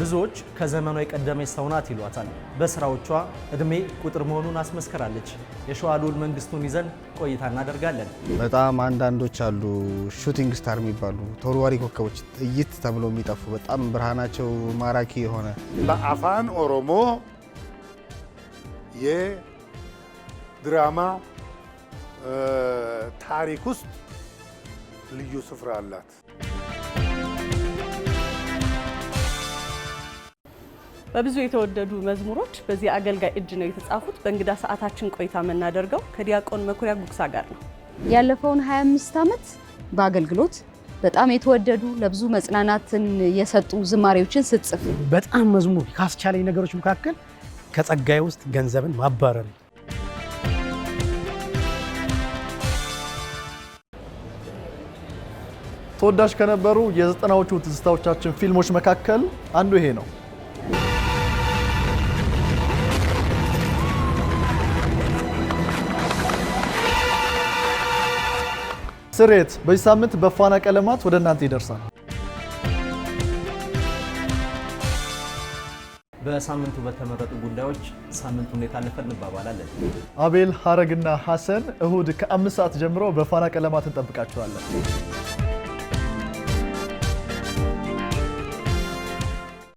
ብዙዎች ከዘመኗ የቀደመች ሰው ናት ይሏታል። በስራዎቿ እድሜ ቁጥር መሆኑን አስመስከራለች። የሸዋ ልዑል መንግስቱን ይዘን ቆይታ እናደርጋለን። በጣም አንዳንዶች አሉ ሹቲንግ ስታር የሚባሉ ተወርዋሪ ኮከቦች ጥይት ተብሎ የሚጠፉ በጣም ብርሃናቸው ማራኪ የሆነ በአፋን ኦሮሞ የድራማ ታሪክ ውስጥ ልዩ ስፍራ አላት። በብዙ የተወደዱ መዝሙሮች በዚህ አገልጋይ እጅ ነው የተጻፉት። በእንግዳ ሰዓታችን ቆይታ የምናደርገው ከዲያቆን መኩሪያ ጉግሳ ጋር ነው። ያለፈውን 25 ዓመት በአገልግሎት በጣም የተወደዱ ለብዙ መጽናናትን የሰጡ ዝማሬዎችን ስትጽፍ በጣም መዝሙር ካስቻለኝ ነገሮች መካከል ከጸጋይ ውስጥ ገንዘብን ማባረር ተወዳጅ ከነበሩ የዘጠናዎቹ ትዝታዎቻችን ፊልሞች መካከል አንዱ ይሄ ነው። ስሬት በዚህ ሳምንት በፋና ቀለማት ወደ እናንተ ይደርሳል። በሳምንቱ በተመረጡ ጉዳዮች ሳምንቱ እንዴት አለፈ እንባባላለን። አቤል ሀረግና ሀሰን እሁድ ከአምስት ሰዓት ጀምሮ በፋና ቀለማት እንጠብቃችኋለን።